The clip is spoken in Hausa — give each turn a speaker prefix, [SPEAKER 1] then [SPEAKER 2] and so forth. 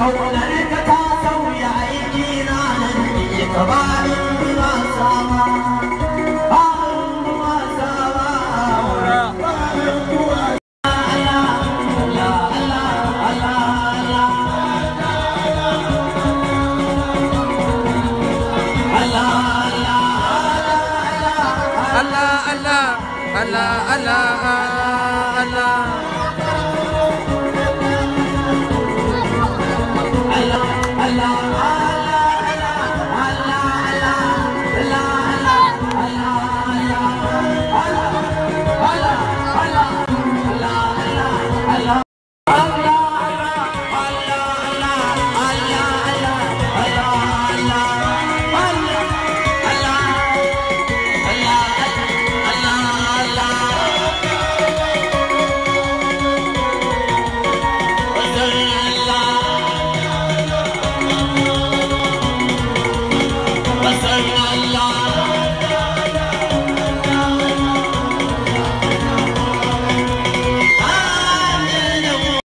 [SPEAKER 1] kaunar ka ta sauya aiki na nan ke ka ba min ruwa sama ba min ruwa sama
[SPEAKER 2] ba min ruwa Allah Allah Allah Allah la